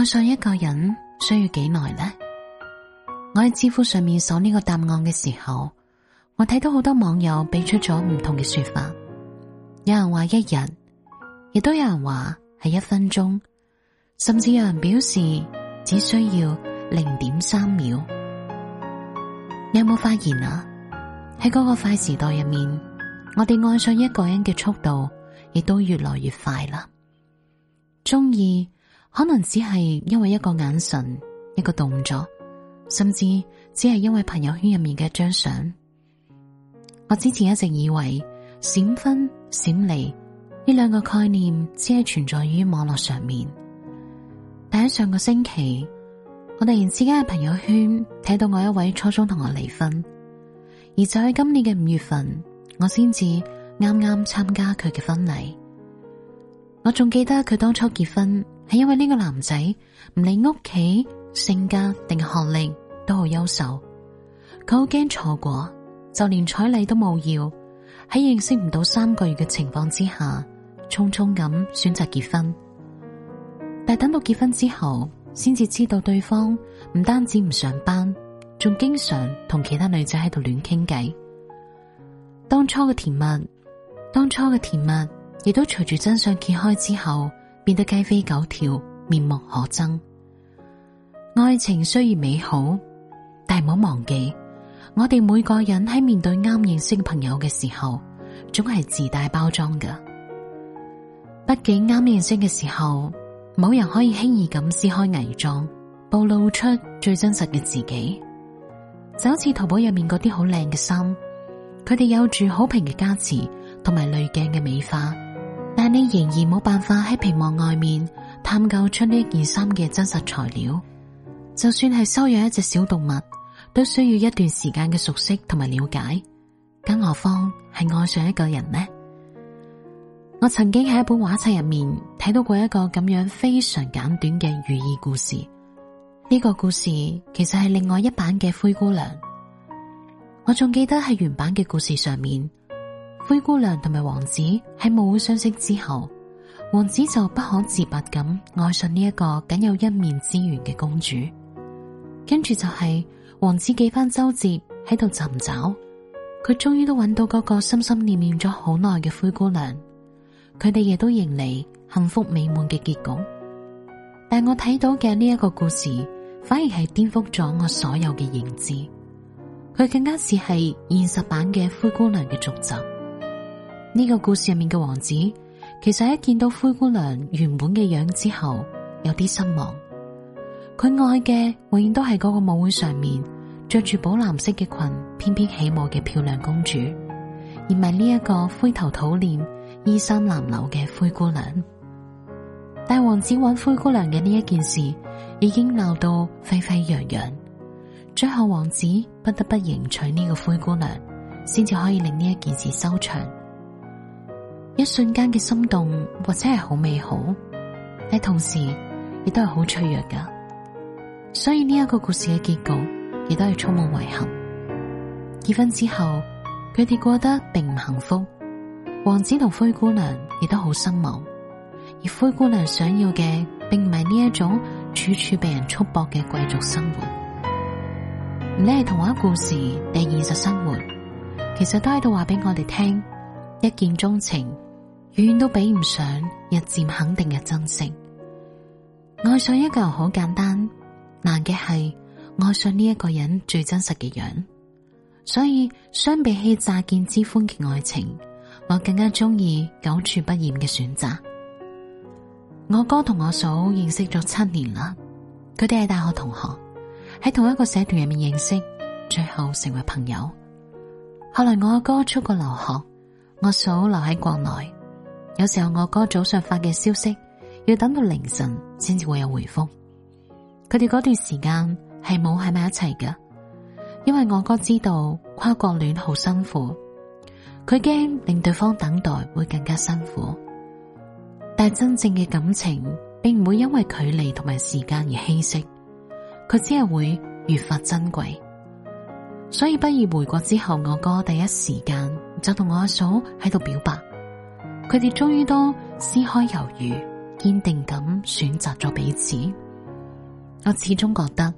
愛上一個人需要幾耐呢？我喺知乎上面搜呢個答案嘅時候，我睇到好多網友俾出咗唔同嘅說法。有人話一日，亦都有人話係一分鐘，甚至有人表示只需要零點三秒。有冇發現啊？喺嗰個快時代入面，我哋愛上一個人嘅速度亦都越來越快啦，中意。可能只係因為一個眼神、一個動作，甚至只係因為朋友圈入面嘅一張相。我之前一直以為閃婚、閃離呢兩個概念只係存在於網絡上面，但喺上個星期，我突然之間喺朋友圈睇到我一位初中同學離婚，而就喺今年嘅五月份，我先至啱啱參加佢嘅婚禮。我仲記得佢當初結婚。係因為呢個男仔唔理屋企，性格定係學歷都好優秀，佢好驚錯過，就連彩禮都冇要。喺認識唔到三個月嘅情況之下，匆匆咁選擇結婚。但等到結婚之後，先至知道對方唔單止唔上班，仲經常同其他女仔喺度亂傾偈。當初嘅甜蜜，當初嘅甜蜜，亦都隨住真相揭開之後。變得雞飛狗跳，面目可憎。愛情雖然美好，但唔好忘記，我哋每個人喺面對啱認識嘅朋友嘅時候，總係自帶包裝噶。畢竟啱認識嘅時候，冇人可以輕易咁撕開偽裝，暴露出最真實嘅自己。就好似淘寶入面嗰啲好靚嘅衫，佢哋有住好評嘅加持，同埋濾鏡嘅美化。但你仍然冇辦法喺屏幕外面探究出呢件衫嘅真實材料。就算係收養一隻小動物，都需要一段時間嘅熟悉同埋了解，更何況係愛上一個人呢？我曾經喺一本畫冊入面睇到過一個咁樣非常簡短嘅寓意故事。呢個故事其實係另外一版嘅灰姑娘。我仲記得喺原版嘅故事上面。灰姑娘同埋王子喺舞會相識之後，王子就不可自拔咁愛上呢一個僅有一面之緣嘅公主。跟住就係、是、王子幾番周折喺度尋找，佢終於都揾到嗰個心心念念咗好耐嘅灰姑娘。佢哋亦都迎嚟幸福美滿嘅結局。但我睇到嘅呢一個故事，反而係顛覆咗我所有嘅認知。佢更加似係現實版嘅灰姑娘嘅續集。呢個故事入面嘅王子，其實一見到灰姑娘原本嘅樣之後，有啲失望。佢愛嘅永遠都係嗰個舞會上面着住寶藍色嘅裙，翩翩起舞嘅漂亮公主，而唔係呢一個灰頭土臉、衣衫襤褸嘅灰姑娘。大王子揾灰姑娘嘅呢一件事，已經鬧到沸沸揚揚。最後王子不得不迎娶呢個灰姑娘，先至可以令呢一件事收場。一瞬間嘅心動或者係好美好，但同時亦都係好脆弱噶。所以呢一個故事嘅結局，亦都係充滿遺憾。結婚之後，佢哋過得並唔幸福。王子同灰姑娘亦都好失望，而灰姑娘想要嘅並唔係呢一種處處被人束縛嘅貴族生活。呢係童話故事定現實生活，其實都喺度話俾我哋聽：一見鍾情。永遠都比唔上日漸肯定嘅真誠。愛上一個人好簡單，難嘅係愛上呢一個人最真實嘅樣。所以，相比起乍見之歡嘅愛情，我更加鍾意久處不厭嘅選擇。我哥同我嫂認識咗七年啦，佢哋係大學同學，喺同一個社團入面認識，最後成為朋友。後來我阿哥出國留學，我嫂留喺國內。有時候我哥早上發嘅消息，要等到凌晨先至會有回覆。佢哋嗰段時間係冇喺埋一齊噶，因為我哥知道跨國戀好辛苦，佢驚令對方等待會更加辛苦。但係真正嘅感情並唔會因為距離同埋時間而稀釋，佢只係會越發珍貴。所以畢業回國之後，我哥第一時間就同我阿嫂喺度表白。佢哋終於都撕開猶豫，堅定咁選擇咗彼此。我始終覺得，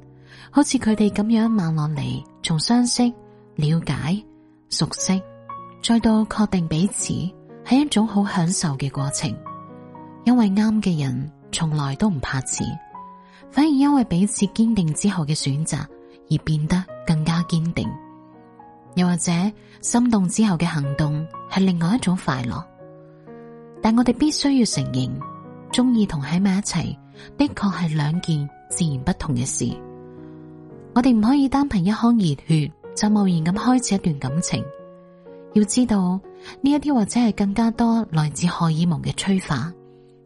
好似佢哋咁樣慢落嚟，從相識、了解、熟悉，再到確定彼此，係一種好享受嘅過程。因為啱嘅人，從來都唔怕遲，反而因為彼此堅定之後嘅選擇，而變得更加堅定。又或者，心動之後嘅行動，係另外一種快樂。但我哋必須要承認，中意同喺埋一齊的確係兩件自然不同嘅事。我哋唔可以單憑一腔熱血就貿然咁開始一段感情。要知道呢一啲或者係更加多來自荷爾蒙嘅催化，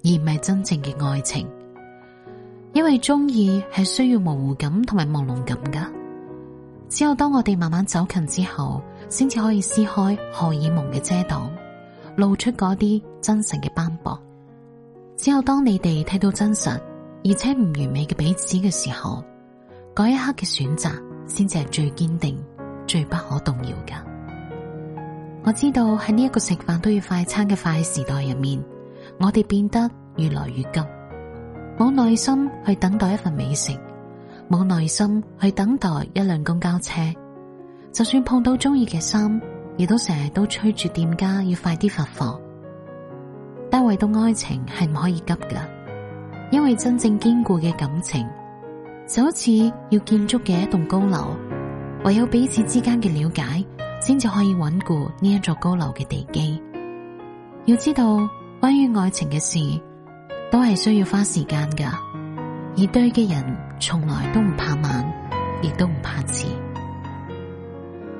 而唔係真正嘅愛情。因為中意係需要模糊感同埋朦朧感㗎。只有當我哋慢慢走近之後，先至可以撕開荷爾蒙嘅遮擋。露出嗰啲真誠嘅斑駁，只有當你哋睇到真實而且唔完美嘅彼此嘅時候，嗰一刻嘅選擇先至係最堅定、最不可動搖噶。我知道喺呢一個食飯都要快餐嘅快的時代入面，我哋變得越來越急，冇耐心去等待一份美食，冇耐心去等待一輛公交車，就算碰到中意嘅衫。亦都成日都催住店家要快啲發貨，但唯獨愛情係唔可以急噶，因為真正堅固嘅感情就好似要建築嘅一棟高樓，唯有彼此之間嘅了解，先至可以穩固呢一座高樓嘅地基。要知道關於愛情嘅事都係需要花時間噶，而對嘅人從來都唔怕晚，亦都唔怕遲。